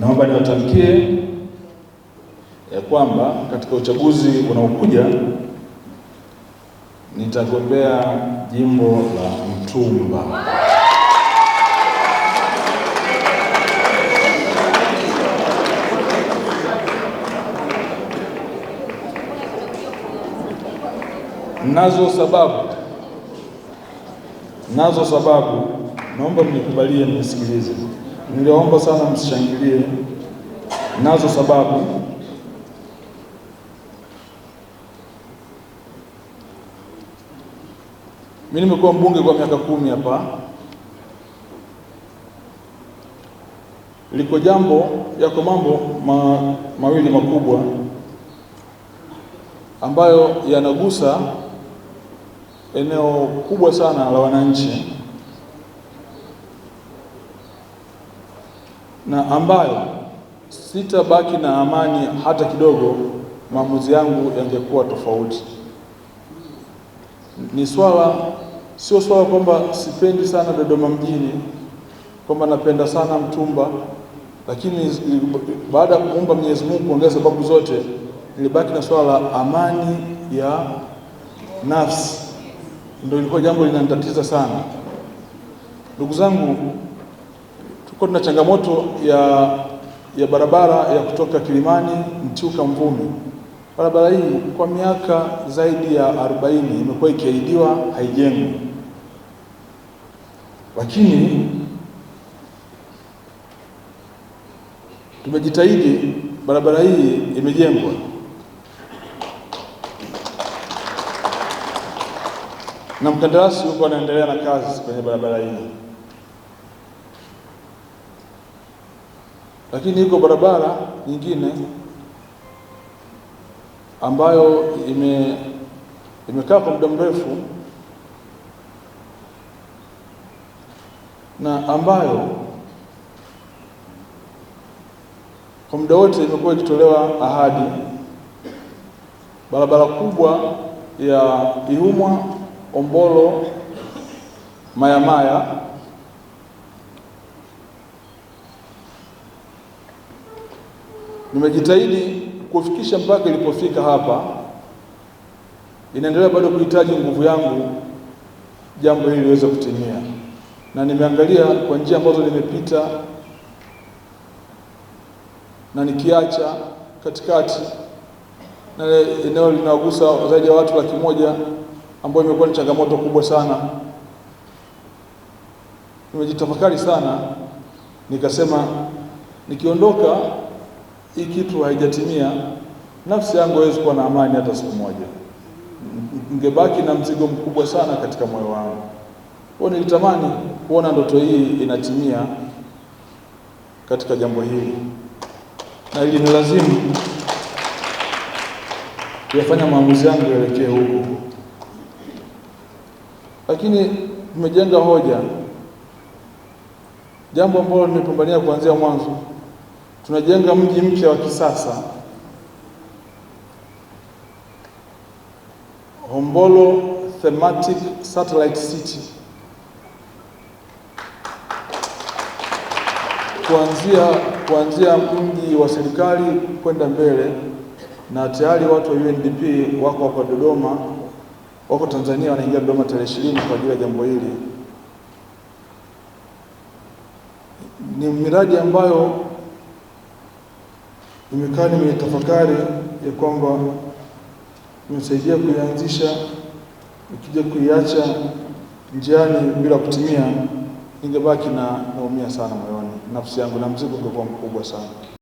Naomba niwatamkie ya kwamba katika uchaguzi unaokuja nitagombea jimbo la Mtumba. Nazo sababu, nazo sababu, naomba mnikubalie mnisikilize niliomba sana msishangilie, nazo sababu mimi nimekuwa mbunge kwa miaka kumi hapa. Liko jambo yako mambo ma, mawili makubwa ambayo yanagusa eneo kubwa sana la wananchi na ambayo sitabaki na amani hata kidogo, maamuzi yangu yangekuwa tofauti. Ni swala sio swala kwamba sipendi sana Dodoma mjini, kwamba napenda sana Mtumba, lakini baada ya kuumba Mwenyezi Mungu kuongeza sababu zote, nilibaki na swala la amani ya nafsi, ndio ilikuwa jambo linanitatiza sana, ndugu zangu. Kwa tuna changamoto ya ya barabara ya kutoka Kilimani Mtiuka Mvumi. Barabara hii kwa miaka zaidi ya 40 imekuwa ikiahidiwa haijengwi, lakini tumejitahidi, barabara hii imejengwa. Na mkandarasi huko anaendelea na kazi kwenye barabara hii. Lakini iko barabara nyingine ambayo ime imekaa kwa muda mrefu na ambayo kwa muda wote imekuwa ikitolewa ahadi. Barabara kubwa ya Ihumwa Ombolo Mayamaya nimejitahidi kufikisha mpaka ilipofika hapa. Inaendelea bado kuhitaji nguvu yangu jambo hili liweze kutimia, na nimeangalia kwa njia ambazo nimepita na nikiacha katikati na eneo linaogusa zaidi ya watu laki moja ambayo imekuwa ni changamoto kubwa sana. Nimejitafakari sana, nikasema nikiondoka hii kitu haijatimia, nafsi yangu haiwezi kuwa na amani hata siku moja, ngebaki na mzigo mkubwa sana katika moyo wangu. Kwa nilitamani kuona ndoto hii inatimia katika jambo hili, na ili nilazimu kuyafanya maamuzi yangu yaelekee huko, lakini tumejenga hoja, jambo ambalo nimepambania kuanzia mwanzo Tunajenga mji mpya wa kisasa. Hombolo Thematic Satellite City kuanzia kuanzia mji wa serikali kwenda mbele, na tayari watu wa UNDP wako hapa Dodoma, wako Tanzania, wanaingia Dodoma tarehe ishirini kwa ajili ya jambo hili. Ni miradi ambayo nimekaa tafakari ya kwamba nimesaidia kuianzisha, nikija kuiacha njiani bila kutimia, ningebaki na naumia sana moyoni, nafsi yangu na mzigo ungekuwa mkubwa sana.